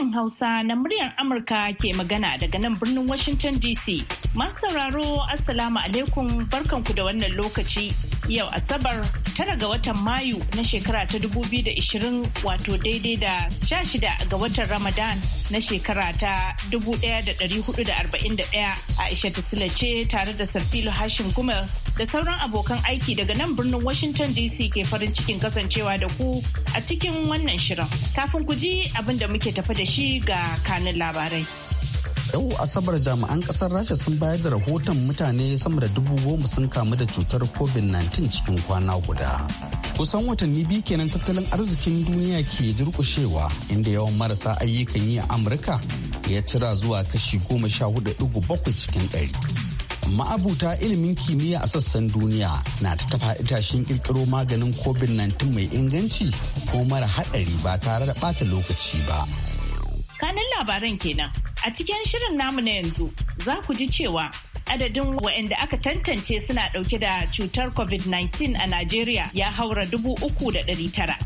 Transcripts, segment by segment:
sashen Hausa na muryar Amurka ke magana daga nan birnin Washington DC. Masu sauraro, Assalamu alaikum barkanku da wannan lokaci. yau Asabar tara ga watan Mayu na shekara ta 2020 wato daidai da 16 ga watan Ramadan na shekara ta 1441 Aisha Tasila ce tare da Sarfilu hashin Gumel da sauran abokan aiki daga nan birnin Washington DC ke farin cikin kasancewa da ku a cikin wannan shirin. Kafin ku ji abin da muke tafi da shi ga kanin labarai. yau asabar jami'an kasar rasha sun bayar da rahoton mutane sama da dubu goma sun kamu da cutar covid-19 cikin kwana guda kusan watanni biyu kenan tattalin arzikin duniya ke durkushewa inda yawan marasa ayyukan yi a amurka ya cira zuwa kashi goma sha hudu digo bakwai cikin ɗari ma'abuta ilimin kimiyya a sassan duniya na ta tafa itashin kirkiro maganin covid-19 mai inganci ko mara haɗari ba tare da bata lokaci ba kanin labaran kenan A cikin shirin namu na yanzu za ku ji cewa adadin waɗanda aka tantance suna ɗauke da cutar COVID-19 a Najeriya ya haura dubu uku da ɗari tara.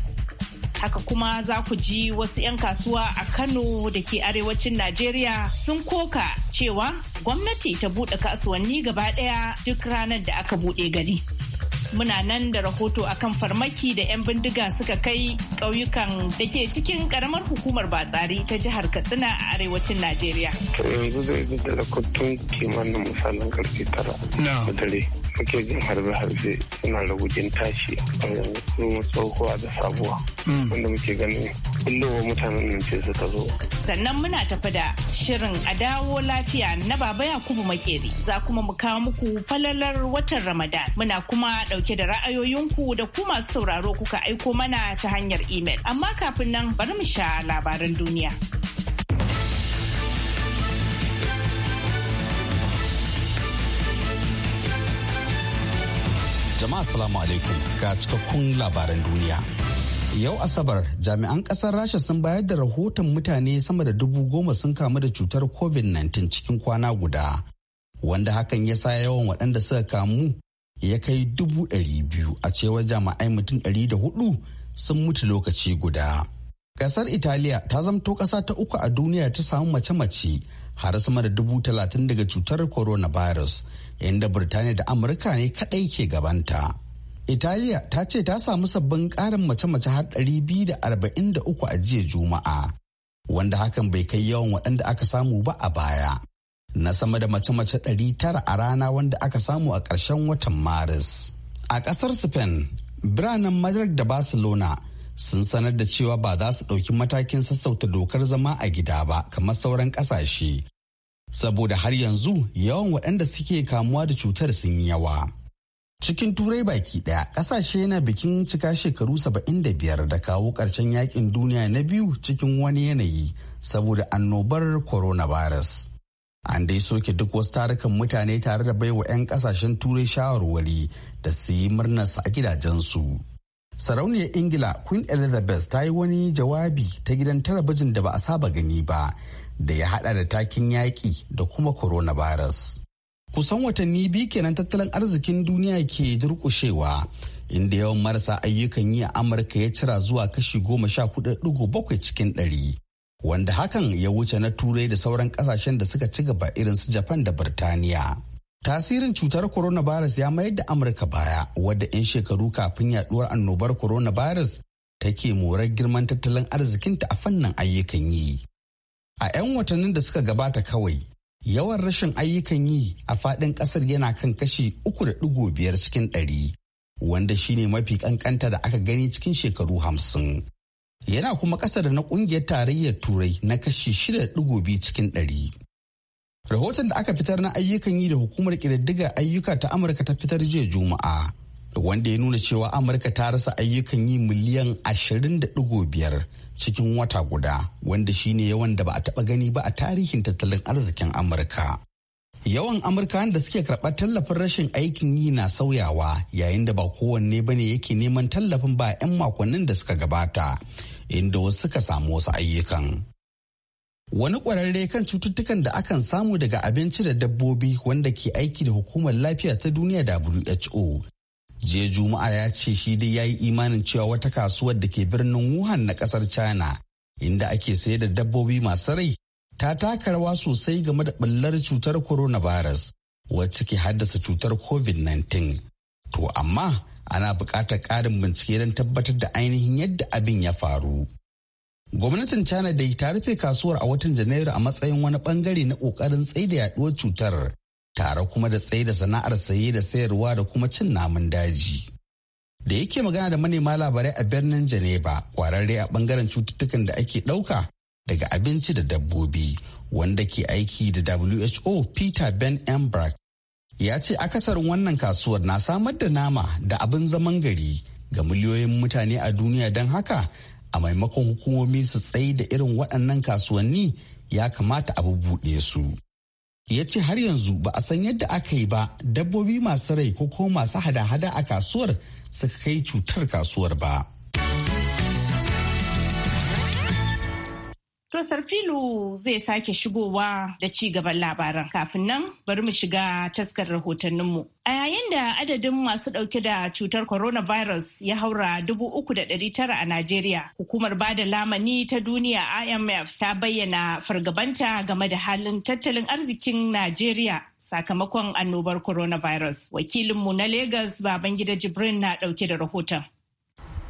Haka kuma za ku ji wasu 'yan kasuwa a Kano da ke arewacin Najeriya sun koka cewa gwamnati ta buɗe kasuwanni gaba ɗaya duk ranar da aka buɗe gari. muna nan da rahoto akan farmaki da 'yan bindiga suka kai ƙauyukan da ke cikin ƙaramar hukumar batsari ta jihar katsina a arewacin najeriya yanzu zai da kimanin misalin karfe tara na dare kake jin harbe-harbe suna da tashi a tsohuwa da sabuwa mm. wanda muke ganin kullum mutanen nan ce suka zo. Sannan muna tafi da shirin a dawo lafiya na Baba Yakubu Makeri za kuma mu kawo muku falalar watan Ramadan muna kuma dauke da ra'ayoyinku da ku masu sauraro kuka aiko mana ta hanyar imel amma kafin nan bari mu sha labaran duniya. jama'a salamu alaikum ga cikakkun labaran duniya yau asabar jami'an kasar rasha sun bayar da rahoton mutane sama da dubu goma sun kamu da cutar covid-19 cikin kwana guda wanda hakan ya sa yawan waɗanda suka kamu ya kai dubu ɗari biyu a cewar jami'ai mutum ɗari da hudu sun mutu lokaci guda ƙasar italiya ta zamto ƙasa ta uku a duniya ta samu mace-mace har sama da dubu talatin daga cutar coronavirus inda Birtaniya da Amurka ne kadai ke gabanta. Italiya ta ce ta samu sabbin karin mace-mace har 243 a jiya Juma'a, wanda hakan bai kai yawan waɗanda aka samu ba a baya. Na sama da mace-mace 900 a rana wanda aka samu a ƙarshen watan Maris. A ƙasar Spain, biranen Madrid da Barcelona sun sanar da cewa ba za su ɗauki matakin sassauta dokar zama a gida ba kamar sauran ƙasashe saboda har yanzu yawan waɗanda suke kamuwa da cutar sun yi yawa. Cikin turai baki ɗaya ƙasashe na bikin cika shekaru 75 da kawo ƙarshen yakin duniya na biyu cikin wani yanayi saboda annobar coronavirus. An dai soke duk wasu tarukan mutane tare da baiwa 'yan ƙasashen turai shawarwari da su yi murnarsa a gidajensu. sarauniyar ingila queen elizabeth ta yi wani jawabi ta gidan talabijin da ba a saba gani ba da ya hada da takin yaƙi da kuma coronavirus. Kusan watanni biyu kenan tattalin arzikin duniya ke durƙushewa inda yawan marasa ayyukan yi a Amurka ya cira zuwa kashi goma sha hudu bakwai cikin ɗari. Wanda hakan ya wuce na turai da sauran ƙasashen da suka ci gaba irin su Japan da Birtaniya. Tasirin cutar coronavirus ya mayar da Amurka baya wadda 'yan shekaru kafin yaduwar annobar coronavirus take morar girman tattalin arzikinta a fannin ayyukan yi. a 'yan watannin da suka gabata kawai yawan rashin ayyukan yi a faɗin ƙasar yana kan kashi 3.5 cikin ɗari, wanda shine mafi kankanta da aka gani cikin shekaru hamsin. yana kuma ƙasar da na ƙungiyar tarayyar turai na kashi 6.2 cikin ɗari. rahoton da aka fitar na ayyukan yi da hukumar ƙididdiga ayyuka ta amurka ta fitar jiya juma'a wanda ya nuna cewa amurka ta rasa ayyukan yi miliyan biyar. cikin wata guda wanda shine yawan da ba a taba gani ba a tarihin tattalin arzikin amurka yawan amurkawan da suke karɓar tallafin rashin aikin yi na sauyawa yayin da ba kowanne ba ne yake neman tallafin ba 'yan makonnin da suka gabata inda wasu suka samu wasu ayyukan wani kwararre kan cututtukan da akan samu daga abinci da dabbobi wanda ke aiki da hukumar lafiya ta duniya who jiya juma'a ya ce shi dai ya yi imanin cewa wata kasuwar da ke birnin wuhan na kasar china inda ake sayar da dabbobi masu rai ta taka rawa sosai game da ɓullar cutar coronavirus wacce ke haddasa cutar covid-19 to amma ana buƙatar ƙarin bincike don tabbatar da ainihin yadda abin ya faru gwamnatin china dai ta rufe kasuwar a watan janairu a matsayin wani bangare na ƙoƙarin tsaida yaduwar cutar tare kuma da tsaye da sana'ar saye da sayarwa da kuma cin namun daji. Da yake magana da manema labarai a birnin Geneva kwararre a bangaren cututtukan da ake ɗauka daga abinci da dabbobi wanda ke aiki da WHO Peter Ben Embrack ya ce akasarin wannan kasuwar na samar da nama da abin zaman gari ga miliyoyin mutane a duniya don haka a maimakon hukumomi su tsaye da irin waɗannan kasuwanni ya kamata a bubuɗe su. ya ce har yanzu ba a san yadda aka yi ba dabbobi masu rai ko kuma masu hada-hada a kasuwar suka kai cutar kasuwar ba. kuma filu zai sake shigowa da ci gaban labaran. Kafin nan bari mu shiga taskar rahotanninmu. A yayin da adadin masu ɗauke da cutar coronavirus ya haura dubu uku da ɗari tara a Najeriya, hukumar bada lamani ta duniya IMF ta bayyana fargabanta game da halin tattalin arzikin Najeriya sakamakon annobar coronavirus. Wakilinmu na Legas Babangida Jibrin na ɗauke da rahoton.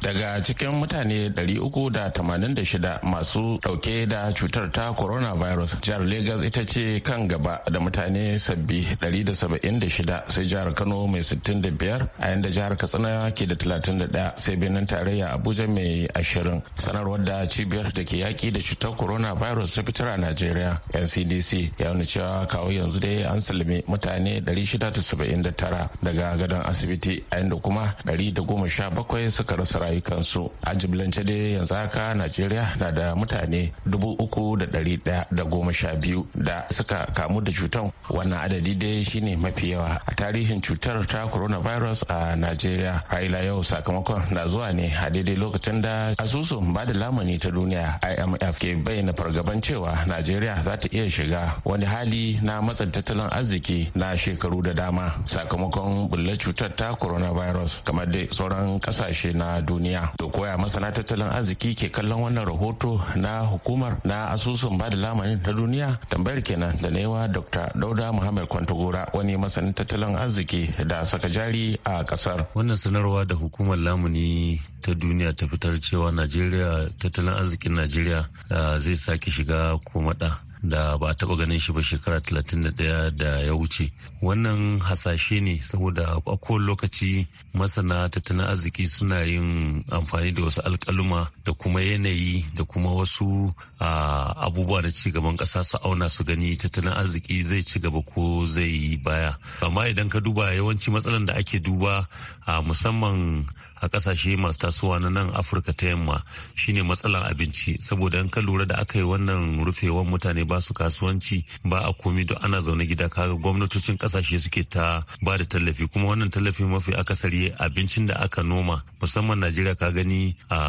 daga cikin mutane 386 masu dauke da cutar ta coronavirus jihar lagos ita ce kan gaba da mutane sabbi 176 sai jihar kano mai 65 a yanda jihar katsina ke da 31 sai birnin tarayya abuja mai 20 sanarwar da cibiyar da ke yaki da cutar coronavirus ta fitar a najeriya ncdc ya nuna cewa kawo yanzu dai an salmi mutane 679 daga gadon asibiti a yanda kuma 117 suka rasa rayukansu a jibilance dai yanzu haka najeriya na da mutane dubu uku da ɗari ɗaya da goma sha biyu da suka kamu da cutar wannan adadi dai shine mafi yawa a tarihin cutar ta coronavirus a najeriya a ila yau sakamakon na zuwa ne a daidai lokacin da asusun ba da lamani ta duniya imf ke bayyana fargaban cewa najeriya za ta iya shiga wani hali na matsin tattalin arziki na shekaru da dama sakamakon bulle cutar ta coronavirus kamar dai sauran kasashe na duniya duniya to koya masana tattalin arziki ke kallon wannan rahoto na hukumar na asusun bada lamarin ta duniya tambayar kenan da naiwa dr dauda muhammad Kwantogora wani masanin tattalin arziki da saka jari a kasar wannan sanarwa da hukumar lamuni ta duniya ta fitar cewa najeriya tattalin arzikin najeriya ah, zai sake shiga komada da ba a taba ganin shi ba shekara 31 da ya wuce wannan hasashe ne saboda a kowane lokaci masana tattalin arziki suna yin amfani da wasu alkaluma da kuma yanayi da kuma wasu abubuwa na cigaban ƙasa su auna su gani tattalin arziki zai ci gaba ko zai yi baya amma idan ka duba yawanci matsalan da ake duba a musamman a ƙasashe masu tasowa na nan afirka ta yamma shine matsalan abinci saboda in ka lura da aka yi wannan rufewan mutane ba su kasuwanci ba a komi don ana zaune gida kaga gwamnatocin kasashe suke ta ba da tallafi kuma wannan tallafi mafi akasari abincin da aka noma musamman najeriya ka gani a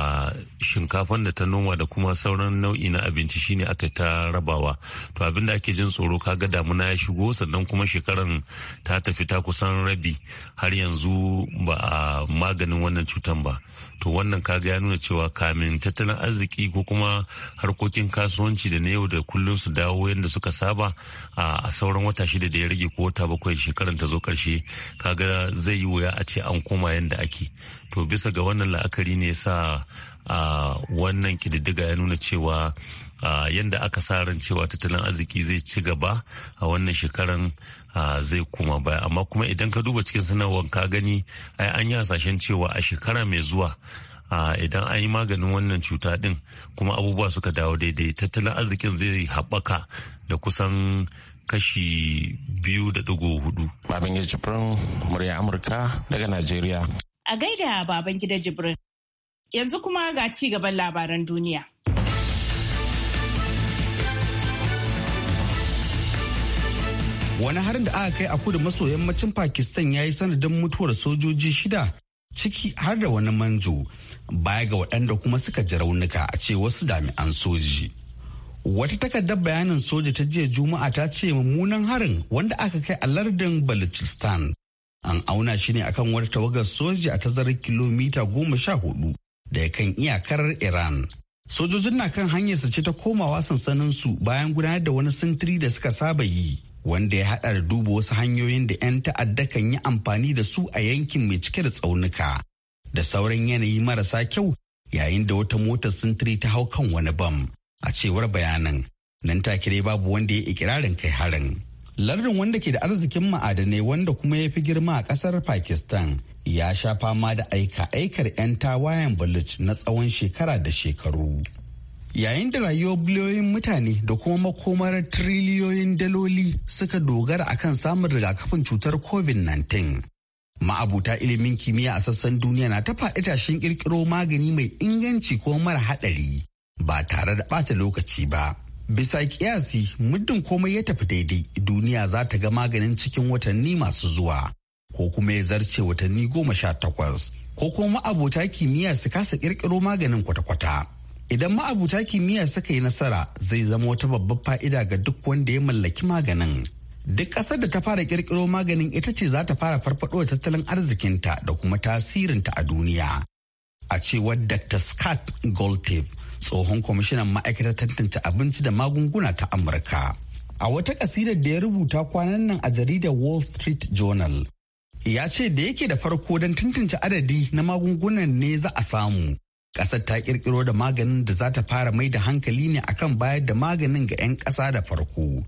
shinkafan da ta noma da kuma sauran nau'i na abinci shine aka ta rabawa to abin da ake jin tsoro kaga damuna ya shigo sannan kuma shekaran ta tafi ta kusan rabi har yanzu ba a maganin wannan cutan ba to wannan kaga ya nuna cewa kamin tattalin arziki ko kuma harkokin kasuwanci da na yau da kullum su dawo yadda suka saba a sauran wata shida da ya rage ko wata bakwai shekaran ta zo karshe kaga zai yi wuya a ce an koma yadda ake to bisa ga wannan la'akari ne sa a wannan kididdiga ya nuna cewa yadda aka sa ran cewa tattalin arziki zai ci gaba a wannan shekaran zai kuma baya amma kuma idan ka duba cikin sanarwar ka gani ai an yi hasashen cewa a shekara mai zuwa idan an yi maganin wannan cuta din kuma abubuwa suka dawo daidai tattalin arzikin zai haɓaka da kusan kashi biyu da ɗigo hudu. gida Jibrin murya Amurka daga Najeriya. A gaida baban gida Jibrin. Yanzu kuma ga ci gaban labaran duniya. Wani harin da aka kai a kudu maso yammacin Pakistan ya yi sanadin mutuwar sojoji shida ciki har da wani manjo baya ga waɗanda kuma suka ji raunuka a ce wasu jami'an soji. Wata takardar bayanin soja ta jiya Juma'a ta ce mummunan harin wanda aka kai a lardin Balochistan an auna shi ne akan wata tawagar soja a tazarar kilomita goma sha hudu da ya kan iyakar Iran. Sojojin na kan hanyar su ce ta komawa sansanin su bayan gudanar da wani sintiri da suka saba yi wanda ya hada da duba wasu hanyoyin da 'yan ta'adda kan yi amfani da su a yankin mai cike da tsaunuka da sauran yanayi marasa kyau yayin da wata motar sintiri ta hau kan wani bam a cewar bayanan nan take dai babu wanda ya ikirarin kai harin lardin wanda ke da arzikin ma'adanai wanda kuma ya fi girma a kasar pakistan ya sha fama da aika aikar 'yan tawayen baluch na tsawon shekara da shekaru yayin da rayuwar biliyoyin mutane da kuma makomar triliyoyin daloli suka dogara akan samun rigakafin cutar covid-19 ma'abuta ilimin kimiyya a sassan duniya na ta faɗi tashin ƙirƙiro magani mai inganci ko mara haɗari ba tare da bata lokaci ba bisa kiyasi muddin komai ya tafi daidai duniya za ta ga maganin cikin watanni masu zuwa ko kuma ya zarce watanni goma sha takwas ko kuma ma'abota kimiyya su kasa ƙirƙiro maganin kwata-kwata Idan ma'abuta kimiyya suka yi nasara zai zama wata babbar fa'ida ga duk wanda ya mallaki maganin. Duk ƙasar da ta fara ƙirƙiro maganin ita ce za ta fara farfaɗo da tattalin arzikinta da kuma tasirinta a duniya. A cewar Dr. Scott Goldtip, tsohon kwamishinan ma'aikatar tantance abinci da magunguna ta Amurka. A wata ƙasidar da ya rubuta kwanan nan a jaridar Wall Street Journal, ya ce da yake da farko don tantance adadi na magungunan ne za a samu Ƙasar ta ƙirƙiro da maganin da za ta fara mai da hankali ne akan bayar da maganin ga 'yan ƙasa da farko.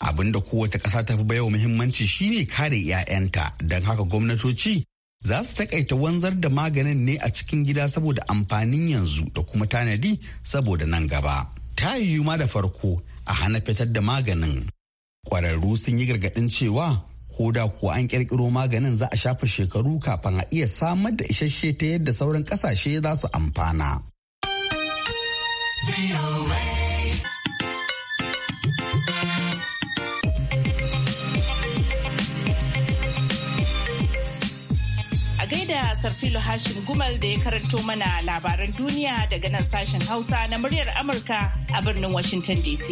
Abin da kowace ƙasa ta fi bayo muhimmanci shine kare 'ya'yanta don haka gwamnatoci za su takaita wanzar da maganin ne a cikin gida saboda amfanin yanzu da kuma tanadi saboda nan gaba. Ta yi ma da farko a hana fitar da maganin. Ƙwararru sun yi gargaɗin cewa ko da kuwa an kirkiro maganin za a shafa shekaru kafin a iya samar da isasshe ta yadda sauran kasashe za su amfana. A gaida Sarfilo Hashim Gumal da ya karanto mana labaran duniya daga nan sashen Hausa na muryar Amurka a birnin Washington DC.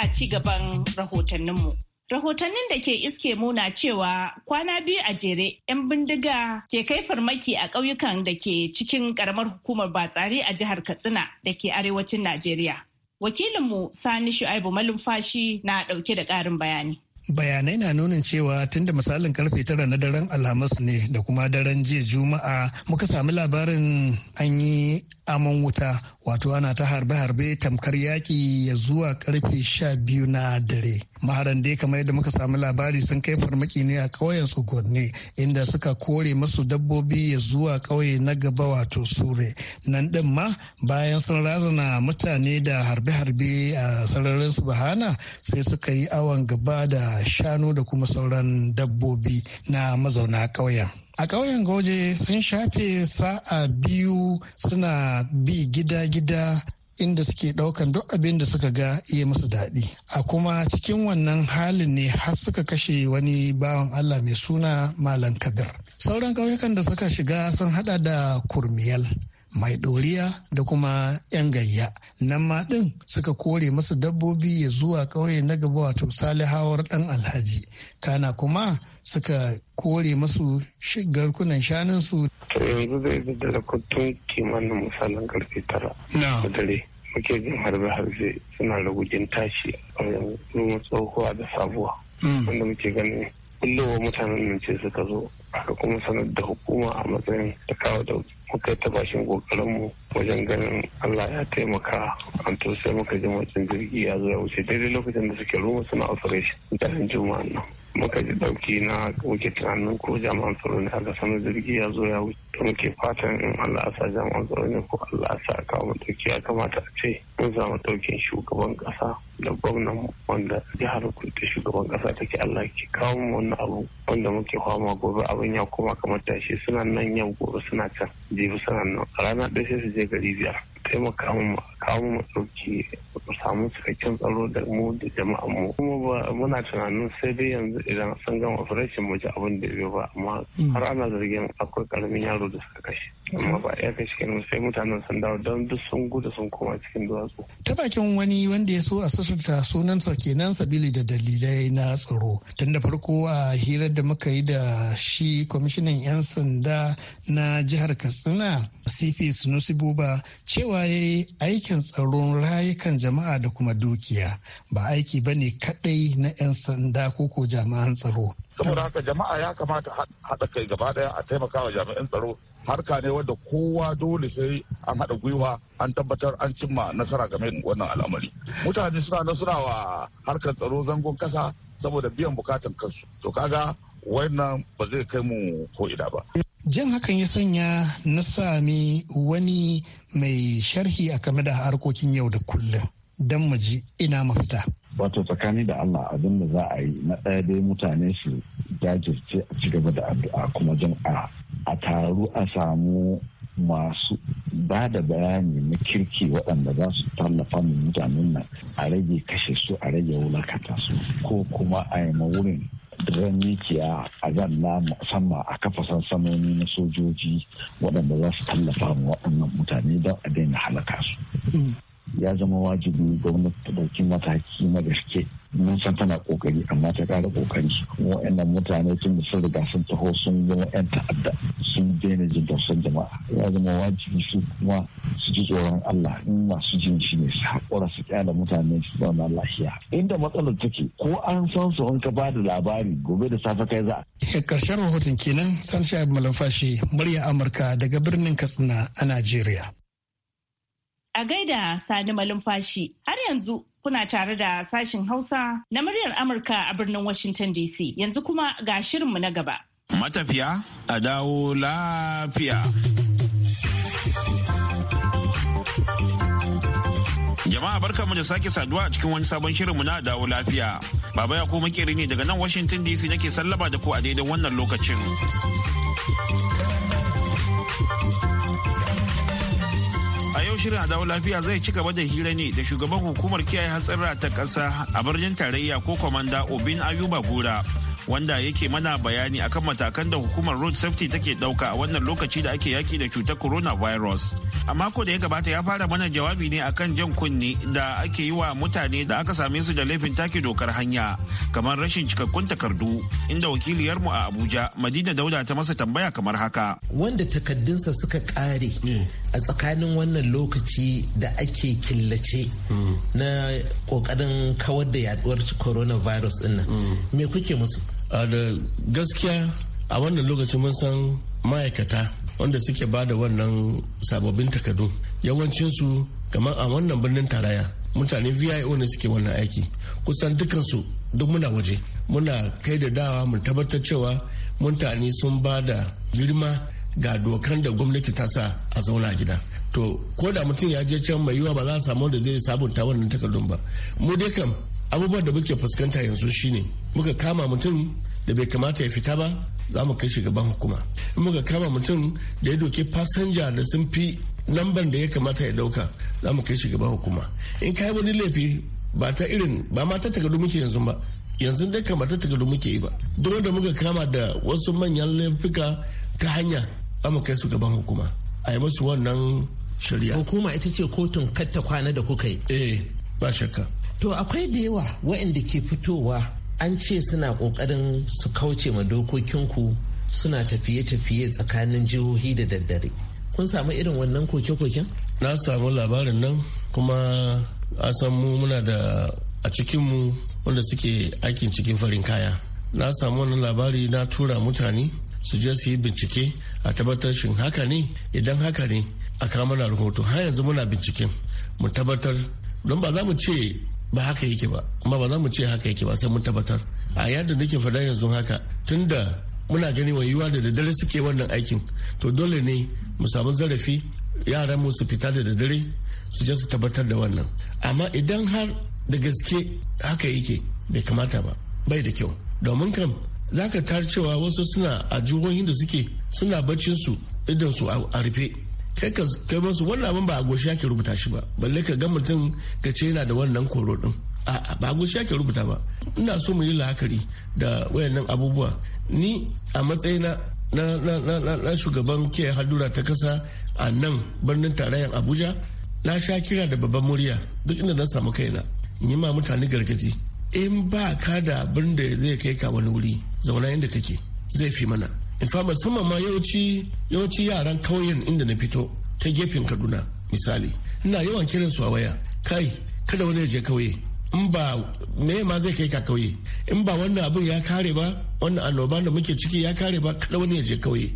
ga ci gaban rahotanninmu. Rahotannin da ke iske muna cewa kwana biyu a jere 'yan bindiga ke kai farmaki a ƙauyukan da ke cikin ƙaramar hukumar batsari a jihar Katsina da ke arewacin Najeriya. Wakilinmu Sani Shu'aibu Malumfashi na ɗauke da ƙarin bayani. bayanai na nunin cewa tun da misalin karfe tara na daren alhamis ne da kuma daren jiya juma'a muka sami labarin an yi aman wuta wato ana ta harbe-harbe tamkar yaƙi ya zuwa karfe sha biyu na dare maharan dai kamar yadda muka sami labari sun kai farmaki ne a ƙauyen tsugunne inda suka kore masu dabbobi ya zuwa ƙauye na gaba wato sure nan din ma bayan sun razana mutane da harbe-harbe a sararin su bahana sai suka yi awon gaba da shanu da kuma sauran dabbobi na mazauna ƙauyen a ƙauyen goje sun shafe sa'a biyu suna bi gida-gida inda suke ɗaukan duk abin da suka ga iya musu daɗi a kuma cikin wannan halin ne har suka kashe wani bawan allah mai suna malam kabir sauran ƙauyukan da suka shiga sun hada da kurmiyal mai ɗoriya da kuma 'yan gayya nan ma ɗin suka kore masu dabbobi ya zuwa ƙauye na gaba wato salihawar ɗan alhaji kana kuma suka kore masu garkunan shanunsu. to yanzu zai zai da lakuttun kimanin misalin karfe tara da dare muke jin harbe-harbe suna ragujin tashi a yanzu tsohuwa da sabuwa hmm. wanda muke ganin kullum mutanen nan ce suka zo aka kuma sanar da hukuma a matsayin da kawo da muka ta bashin kokarinmu wajen ganin Allah ya taimaka an to sai muka ji matsin jirgi ya zo ya wuce daidai lokacin da suke ruwa suna operation da juma'a nan. muka ji dauki na wuce tunanin ko jami'an tsaro ne haka sanar jirgi ya zo ya wuce muke fatan in Allah sa jami'an tsaro ne ko Allah sa kawo mu ya kamata a ce mun samu daukin shugaban kasa da gwamnan wanda jihar kudu shugaban kasa take Allah ke kawo mu wani abu wanda muke fama gobe abin ya koma kamar tashi suna nan yau gobe suna can jibi suna nan a rana ɗaya sai su je gari biyar taimaka mu kawo mu ɗauki samu cikakken tsaro da mu da jama'an mu kuma ba muna tunanin sai dai yanzu idan sun gama operation mu ji abin da bai ba amma mm. har ana zargin akwai karamin yaro da suka kashe amma ba ya kashe kenan sai mutanen sun dawo don duk sun gudu sun koma cikin duwatsu. ta bakin wani wanda ya so a sassauta sunansa kenan sabili da dalilai na tsaro tun da farko a hirar da muka yi da shi kwamishinan 'yan sanda na jihar katsina cp sunusi buba cewa cewa ya yi aikin tsaron rayukan jama'a da kuma dukiya ba aiki ba ne kaɗai na 'yan sanda ko ko jami'an tsaro. saboda haka jama'a ya kamata haɗa kai gaba ɗaya a taimaka wa jami'an tsaro harka ne wadda kowa dole sai an haɗa gwiwa an tabbatar an cimma nasara game da wannan al'amari mutane suna nasara wa harkar tsaro zangon kasa saboda biyan bukatan kansu to kaga wannan ba zai kai mu ko ina ba. Jan hakan ya sanya na sami wani mai sharhi a game da harkokin yau da kullum don mu ina mafita. Wato tsakani da Allah abin da za a yi na ɗaya dai mutane su jajirce a ci gaba da addu'a kuma jan a a taru a samu masu ba da bayani na kirki waɗanda za su tallafa mu mutanen nan a rage kashe su a rage wulakata su ko kuma a yi wurin ran mikiya a na musamman a kafa sansanoni na sojoji waɗanda za su tallafa wa waɗannan mutane don a daina halaka su hmm. ya zama wajibi gwamnati ta ɗauki mataki na gaske mun san tana kokari amma ta kara kokari wa'annan mutane tun da sun riga sun taho sun zama yan ta'adda sun daina jin jama'a ya zama wajibi su kuma su ji tsoron Allah in masu jin shi ne su haƙura su kyala mutane su zauna lafiya inda matsalar take ko an san su an ka bada labari gobe da safe kai za karshen rahoton kenan san abu malamfashi murya amurka daga birnin katsina a najeriya a gaida sani malumfashi har yanzu Kuna tare da sashin Hausa na muryar Amurka a birnin Washington DC. Yanzu kuma ga shirinmu na gaba. Matafiya a dawo lafiya. Jama'a barka mu da sake saduwa a cikin wani sabon shirinmu na dawo lafiya. Baba ya ko makeri ne daga nan Washington DC nake sallaba da ku a daidai wannan lokacin. shirin a dawo lafiya zai ci gaba da hira ne da shugaban hukumar kiyaye hatsarra ta ƙasa a birnin tarayya ko kwamanda Obin Ayuba Gura. wanda yake mana bayani akan matakan da hukumar road safety take dauka a wannan lokaci da ake yaki da cutar coronavirus a mako da ya gabata ya fara mana jawabi ne akan jan kunni da ake yi wa mutane da aka same su da laifin take dokar hanya kamar rashin cikakkun takardu inda wakiliyarmu a abuja madina dauda ta masa tambaya kamar haka wanda takaddunsa suka kare hmm. a tsakanin wannan lokaci da ake killace hmm. na kokarin kawar da yaduwar coronavirus din nan hmm. me kuke musu da gaskiya a wannan lokacin mun san ma'aikata wanda suke ba da wannan sababbin takardu yawancinsu kamar a wannan birnin taraya mutane vio ne suke wannan aiki kusan dukansu duk muna waje muna kai da dawa mu tabbatar cewa mutane sun ba da girma ga dokan da gwamnati ta sa a zauna gida to ko da mutum ya je can mai yiwa ba za a samu da zai sabunta wannan takardun ba mu dai kam abubuwan da muke fuskanta yanzu shine muka kama mutum da bai kamata ya fita ba za mu kai shugaban hukuma in muka kama mutum da ya doke fasanja da sun fi lambar da ya kamata ya dauka za mu kai shugaban hukuma in kai wani laifi ba ta irin ba ma ta takardu muke yanzu ba yanzu dai kamata takardu muke yi ba duk wanda muka kama da wasu manyan laifuka ta hanya za mu kai shugaban hukuma a yi musu wannan shari'a hukuma ita ce kotun katta kwana da kuka yi eh ba shakka to akwai da yawa waɗanda ke fitowa an ce suna kokarin su kauce ma dokokinku suna tafiye-tafiye tsakanin jihohi da daddare kun samu irin wannan koke-koken na samu labarin nan kuma a san mu muna da a cikinmu wanda suke aikin cikin farin kaya na samu wannan labari na tura mutane su je su yi bincike a tabbatar shi haka ne idan haka ne a kawo na rahoto har yanzu muna binciken mu tabbatar don ba za mu ce ba haka yake ba amma ba za mu ce haka yake ba sai mun tabbatar a yadda nake faɗa yanzu haka tunda muna gani wa yiwa da daddare suke wannan aikin to dole ne mu samu zarafi yaran mu su fita da daddare su je su tabbatar da wannan amma idan har da gaske haka yake bai kamata ba bai da kyau domin kam za ka tar cewa wasu suna a jihohin da suke suna baccin su idan su a rufe kai ka kai masu wannan abin ba a goshi yake rubuta shi ba balle ka ga mutum ka ce yana da wannan koro din a ba a goshi yake rubuta ba ina so mu yi la'akari da wayannan abubuwa ni a matsayina na na na na shugaban ke hadura ta kasa a nan birnin tarayyar abuja na sha kira da babban murya duk inda na samu kaina in yi ma mutane gargaji in ba ka da abin da zai kai ka wani wuri zauna inda kake zai fi mana fa musamman ma yawanci yawanci yaran kauyen inda na fito ta gefen kaduna misali ina yawan kiran su a waya kai kada wani ya je kauye in ba me ma zai kai ka kauye in ba wannan abin ya kare ba wannan annoba da muke ciki ya kare ba kada wani ya je kauye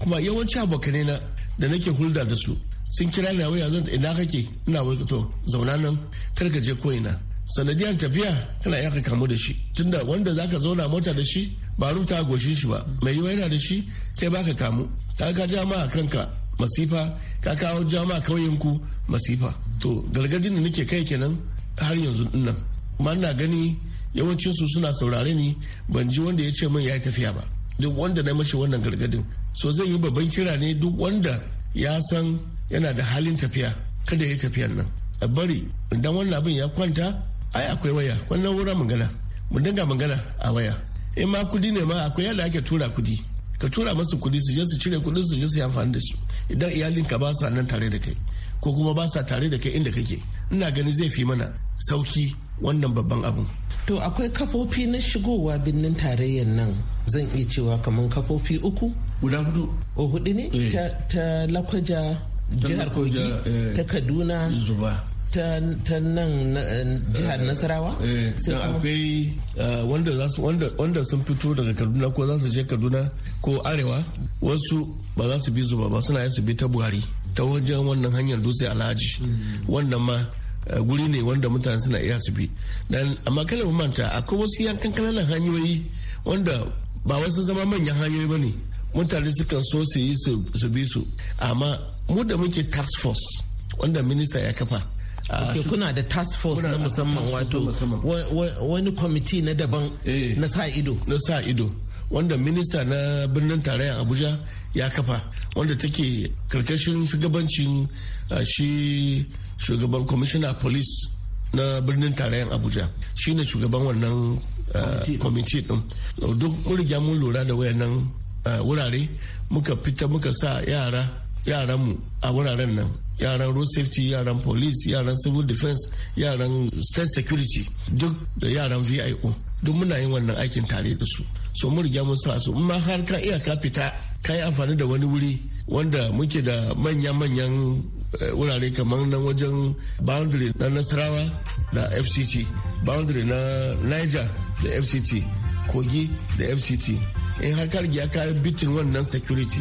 kuma yawanci abokanai na da nake hulda da su sun kira ni a waya zan ina kake ina wani to zauna nan kar ka je ko ina sanadiyan tafiya kana iya ka kamu da shi tunda wanda zaka zauna mota da shi ba ta goshe shi ba mai yiwa yana da shi kai baka kamu ka ka jama'a kanka masifa ka kawo jama'a ku masifa to gargadin da nake kai kenan har yanzu dinnan kuma ina gani yawancin su suna saurare ni ban ji wanda ya ce min ya yi tafiya ba duk wanda na mashi wannan gargadin so zan yi babban kira ne duk wanda ya san yana da halin tafiya kada ya tafiyan nan a bari idan wannan abin ya kwanta ai akwai waya wannan wurin magana mu dinga magana a waya in ma kudi ne ma akwai yadda ake tura kudi ka tura masu kudi su je su cire kudin su je su yi amfani da su idan iyalinka ba su nan tare da kai ko kuma ba sa tare da kai inda kake ina gani zai fi mana sauki wannan babban abun to akwai kafofi na shigowa birnin tarayyar nan zan iya cewa kamar kafofi uku guda hudu o oh, hudu ne eh. ta, lakwaja jihar kogi eh, ta kaduna zuba ta nan eh, jihar nasarawa eh, eh, akwai wanda wanda sun fito daga kaduna ko za su je kaduna ko arewa wasu ba za su bi zuba ba suna yi su bi ta buhari ta wajen wannan hanyar dutse alhaji mm. wannan ma guri ne wanda mutane suna iya su bi dan amma kala mu manta akwai wasu yankan kananan hanyoyi wanda ba wasu zama manyan hanyoyi ba ne mutane sukan so su yi su bi su amma mu da muke task force wanda minista ya kafa Okay, ah. kuna da task force na musamman wato wani kwamiti na daban eh. na sa ido na sa ido wanda minista na birnin tarayyar abuja ya kafa wanda take karkashin shugabancin ah, shi shugaban commissioner police na birnin tarayyar abuja shi ne shugaban wannan kwamiti ah, din duk riga mun lura da wayannan wurare muka fita muka sa yara yaranmu a wuraren nan yaran road safety yaran police yaran civil defense yaran state security duk da yaran vio duk muna yin wannan aikin tare da su so mun riga mun sa su ma har ka iya ka fita ka yi amfani da wani wuri wanda muke da manya-manyan eh, wurare kamar nan wajen boundary na nasarawa da fct boundary na niger da fct kogi da fct in har ka riga ka bitin wannan security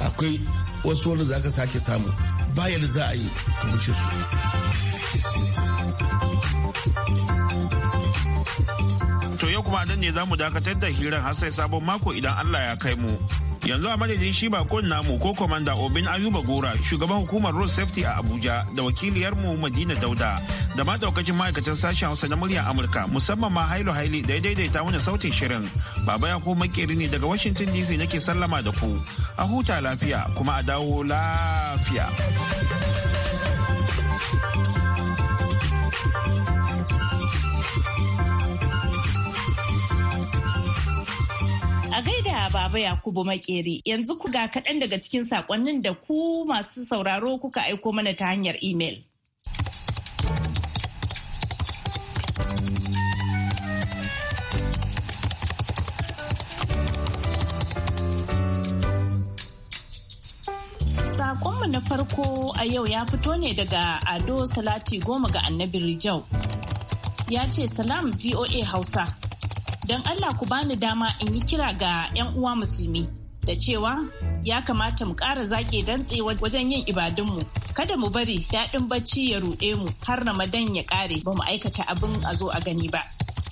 akwai wasu wani za ka sake samu bayan za a yi ka wuce su to yau kuma nan ne za mu dakatar da hirar har sai sabon mako idan allah ya kai mu yanzu a madadin shi bakon namu ko komanda obin ayuba gora shugaban hukumar road safety a abuja da wakiliyar mu madina dauda da ma daukacin ma'aikatan sashen hausa na muryar amurka musamman ma hailo haili da ya daidaita wani sautin shirin baba ya ko makeri ne daga washington dc nake sallama da ku a huta lafiya kuma a dawo lafiya gaida Baba Yakubu Makeri. Yanzu ku ga kaɗan daga cikin saƙonnin da ku masu sauraro kuka aiko mana ta hanyar imel. Sakonmu na farko a yau ya fito ne daga Ado Salati Goma ga Annabi Rijau. Ya ce, Salam VOA Hausa. don Allah ku bani dama in yi kira ga 'yan uwa musulmi da cewa ya kamata mu ƙara zake dantse wajen yin ibadunmu kada mu bari daɗin bacci ya ruɗe mu har ramadan ya ƙare ba mu aikata abin a zo a gani ba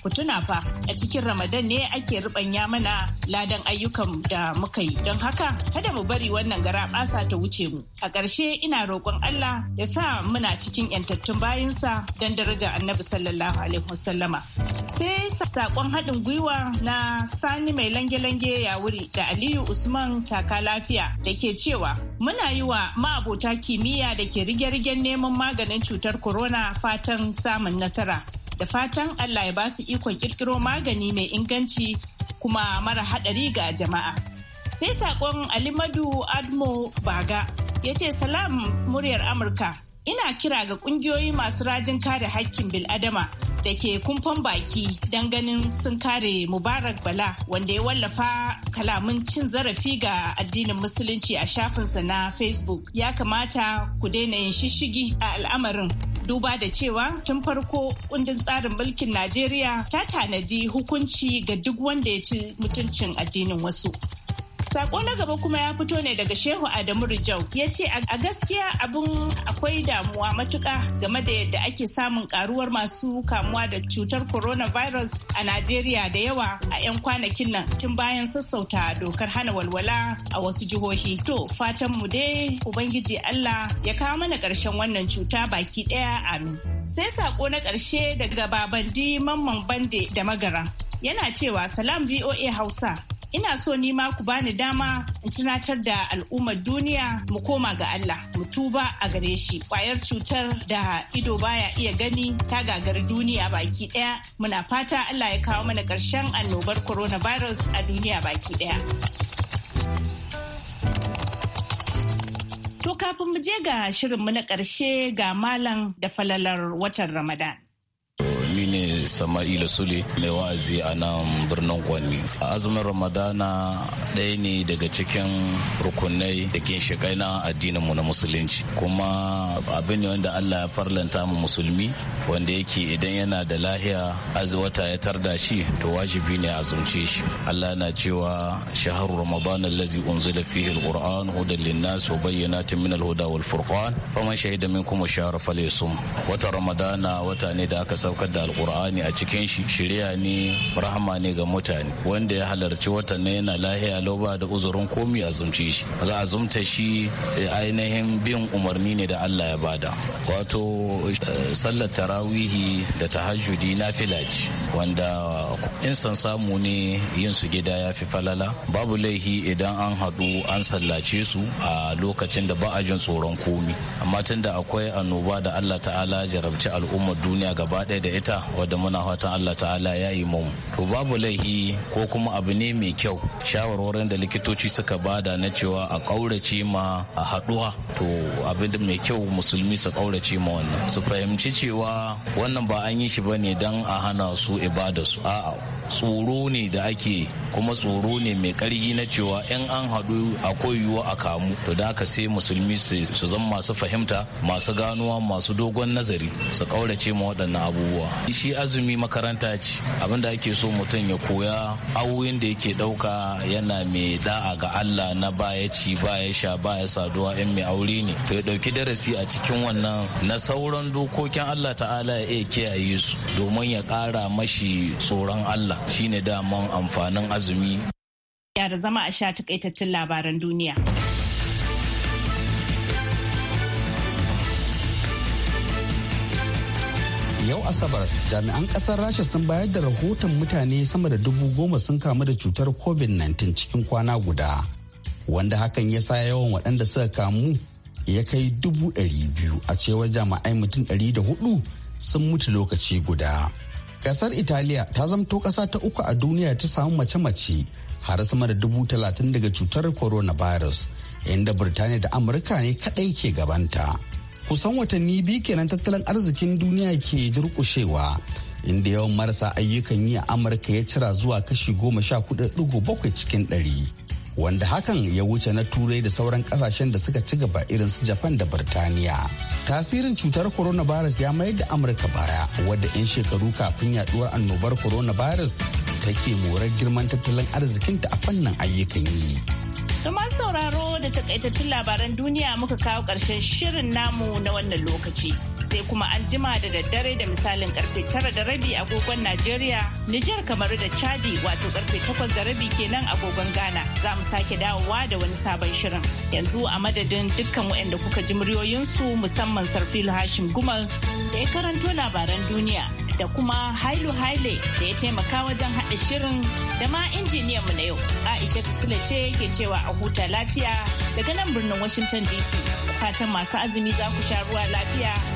ku tuna fa a cikin ramadan ne ake ruɓanya mana ladan ayyukan da muka yi don haka kada mu bari wannan gara ɓasa ta wuce mu a ƙarshe ina roƙon allah ya sa muna cikin yantattun bayinsa don darajar annabi sallallahu alaihi wasallama sai sakon haɗin gwiwa na sani mai lange-lange ya wuri da aliyu usman taka lafiya da ke cewa muna yi wa ma'abota kimiyya da ke rige-rigen neman maganin cutar corona fatan samun nasara da fatan allah ya ba su ikon kirkiro magani mai inganci kuma mara haɗari ga jama'a sai sakon alimadu admo baga ya ce salam muryar amurka Ina kira ga kungiyoyi masu rajin kare hakkin bil'adama da ke kumfan baki don ganin sun kare Mubarak Bala wanda ya wallafa kalamin cin zarafi ga addinin musulunci a shafinsa na Facebook. Ya kamata ku daina yin shishigi a al'amarin duba da cewa tun farko kundin tsarin mulkin Najeriya ta tanadi hukunci ga duk wanda ya ci mutuncin addinin wasu. Sako na gaba kuma ya fito ne daga Shehu Adamu Rijau ya ce a gaskiya abin akwai damuwa matuka game da yadda ake samun karuwar masu kamuwa da cutar coronavirus a Najeriya da yawa a 'yan kwanakin nan tun bayan sassauta dokar hana walwala a wasu jihohi. To fatan mu dai Ubangiji Allah ya kawo mana ƙarshen wannan cuta baki ɗaya amin. Sai sako na ƙarshe daga Babandi Mamman Bande da Magara. Yana cewa Salam VOA Hausa ina so nima ku bani dama in tunatar da al'ummar duniya mu koma ga Allah mu tuba a gare shi kwayar cutar da ido baya iya gani ta gagari duniya baki daya muna fata Allah ya kawo mana karshen annobar coronavirus a duniya baki daya To kafin mu je ga shirinmu na ƙarshe ga malam da falalar watan Ramadan. ni sama'ila sule mai wa'azi a nan birnin kwanni a azumin ramadana ɗaya ne daga cikin rukunai da ginshiƙai na addininmu na musulunci kuma abin ne wanda allah ya farlanta mu musulmi wanda yake idan yana da lahiya wata ya tarda shi to wajibi ne a zumce shi allah na cewa shahar ramadan allazi unzila fihi alquran hudan linnas wa bayyanatin min alhuda wal furqan faman shahida minkum shahra falyasum wata ramadana wata ne da aka saukar da alkur'ani a cikin shi shirya ne rahama ne ga mutane wanda ya halarci watan yana lahiya lauba da uzurin komi a zumce shi za a zumta shi eh, ainihin bin umarni ne da Allah ya bada wato eh, sallar tarawihi da tahajjudi na filaji wanda in san samu ne yin su gida ya fi falala babu laihi idan an haɗu an sallace su a lokacin da ba a jin tsoron komi amma tun da akwai annoba da Allah ta'ala jarabci al'ummar duniya gaba ɗaya da ita ita wadda muna fatan Allah ta'ala ya yi mu to babu laihi ko kuma abu ne mai kyau shawarwarin da likitoci suka bada na cewa a ƙaurace ma a haɗuwa to abin da mai kyau musulmi su ƙaurace ma wannan su fahimci cewa wannan ba an yi shi bane dan a hana su ibada su a'a tsoro ne da ake kuma tsoro ne mai karfi na cewa yan an haɗu akwai yiwuwa a kamu to da aka sai musulmi su zama masu fahimta masu ganuwa masu dogon nazari su ƙaurace ma waɗannan abubuwa shi azumi makaranta ce abinda ake so mutum ya koya auyin da yake ɗauka yana mai da'a ga allah na baya ci baya sha baya saduwa yan mai aure ne to ya ɗauki darasi a cikin wannan na sauran dokokin allah ta'ala ya iya kiyaye su domin ya ƙara mashi tsoron allah Allah shine daman amfanin azumi. Ya da zama a sha takaitattun labaran duniya. yau asabar jami'an kasar rasha sun bayar da rahoton mutane sama da dubu goma sun kamu da cutar covid-19 cikin kwana guda wanda hakan ya sa yawan waɗanda suka kamu ya kai dubu ɗari biyu a cewar jami'ai mutum ɗari da hudu sun mutu lokaci guda kasar italiya ta zamto kasa ta uku a duniya ta samu mace-mace har sama da dubu talatin daga cutar coronavirus inda birtaniya da amurka ne kadai ke gabanta kusan watanni biyu kenan tattalin arzikin duniya ke durkushewa inda yawan marasa ayyukan yi a amurka ya cira zuwa kashi goma sha kudu bakwai cikin ɗari wanda hakan ya wuce na turai da sauran kasashen da suka ci gaba irin su japan da birtaniya tasirin cutar coronavirus ya mayar da amurka baya wadda 'yan shekaru kafin yaduwar annobar coronavirus take morar girman tattalin arzikinta a fannin ayyukan yi masu sauraro da takaitattun labaran duniya muka kawo ƙarshen shirin namu na wannan lokaci. sai kuma an da daddare da misalin karfe tara da rabi agogon Najeriya, Nijar kamar da Chadi wato karfe takwas da rabi ke nan agogon Ghana za mu sake dawowa da wani sabon shirin. Yanzu a madadin dukkan waɗanda kuka ji muryoyinsu musamman Sarfil Hashim Gumal da ya karanto labaran duniya da kuma Hailu Haile da ya taimaka wajen haɗa shirin da ma mu na yau. Aisha Sule ce ke cewa a huta lafiya daga nan birnin Washington DC. Fatan masu azumi za ku sha ruwa lafiya